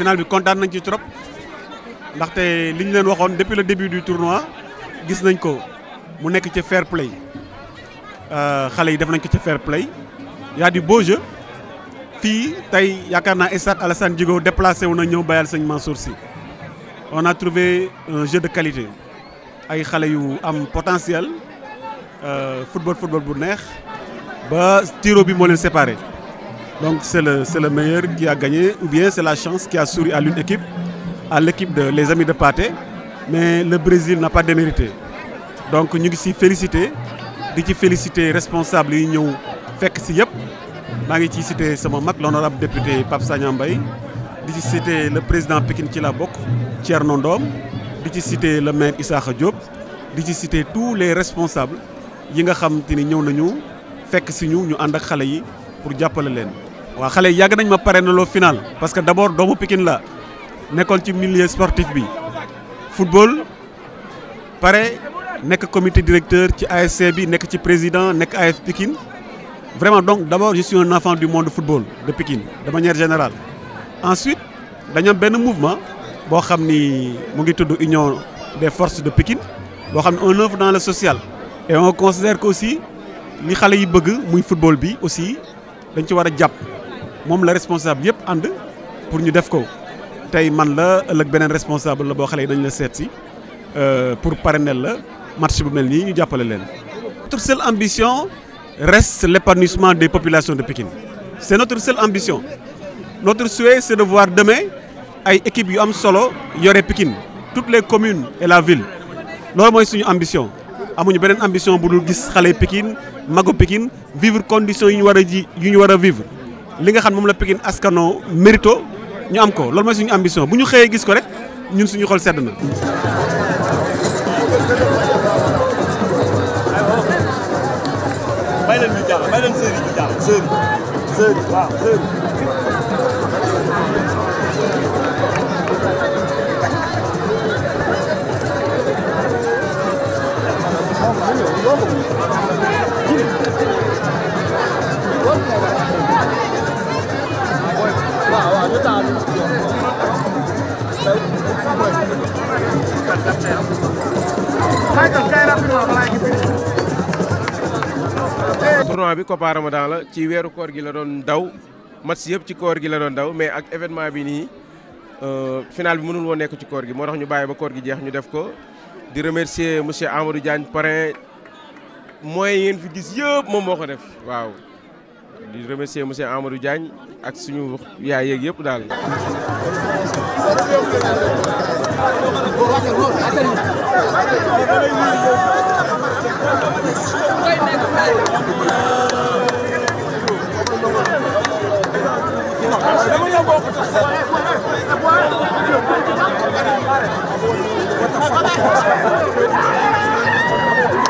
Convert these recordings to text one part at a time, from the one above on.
final bi kontaan nañ ci trop ndax té liñ leen waxone depuis le début du tournoi gis nañ ko mu nekk ci fair play euh, xalé yi def nañ ko ci fair play y a du beau jeu fi tay yaakaar naa stade Alassane Djigo déplacé wona ñew bayal Seigne Mansour Sy on a trouvé un jeu de qualité ay xalé yu am potentiel euh, football football bu neex ba tiro bi mo leen séparé. Donc c'est le, le, meilleur qui a gagné, ou bien c'est la chance qui a souri à l'une équipe, à l'équipe de les Amis de Pâté. Mais le Brésil n'a pas démérité. Donc nous sommes félicités, nous féliciter les responsables de l'Union FECSIEP. Nous ngi ci l'honorable député Pape Sanyambaye. Nous di le président Pékin Kilabok, la Nondom. Nous Ndom le maire Issa Diop di ci tous les responsables qui nga xam te Nous fait nañu si ñu ñu des ak pour wa xalé yag nañ ma paré na lo final parce que d'abord doomu Pikine la nekkoon ci milieu sportif bi football paré nekk comité directeur ci ASC bi nekk ci président nekk AF Pikine vraiment donc d'abord je suis un enfant du monde football de Pikine de manière générale. ensuite dañu am benn mouvement bo xamni mo ngi tudd union des forces de Pikine bo xamni on œuvre dans le social. et on considère que aussi li xale yi bëgg muy football bi aussi dañ ci responsable pour responsable euh, pour parrainer match bu notre seule ambition reste l'épanouissement des populations de Pékin. c'est notre seule ambition notre souhait c'est de voir demain ay équipe yu am toutes les communes et la ville loolu suñu ambition amuñu ambition bu gis magu Pikine vivre condition yu ñu war a ji yu ñu war a vivre li nga xam moom la Pikine askano mérito ñu am ko loolu mooy suñu ambition bu ñu xëyee gis ko rek ñun suñu xol sedd na. tournoi bi Copa Ramadan la ci weeru koor gi la doon daw match yëpp ci koor gi la doon daw mais ak événement bi nii final bi mënul woon nekk ci koor gi moo tax ñu bàyyi ba koor gi jeex ñu def ko di remercier monsieur Amadou Diagne parrain moyens yéen fi gis yëpp moom moo ko def waaw di remercier monsieur Amadou Diagne ak suñu yaay yeeg yëpp daal.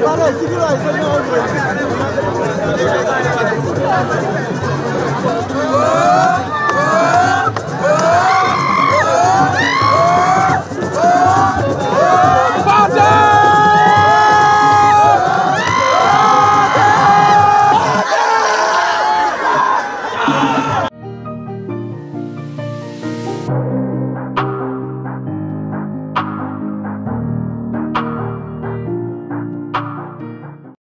Vamos!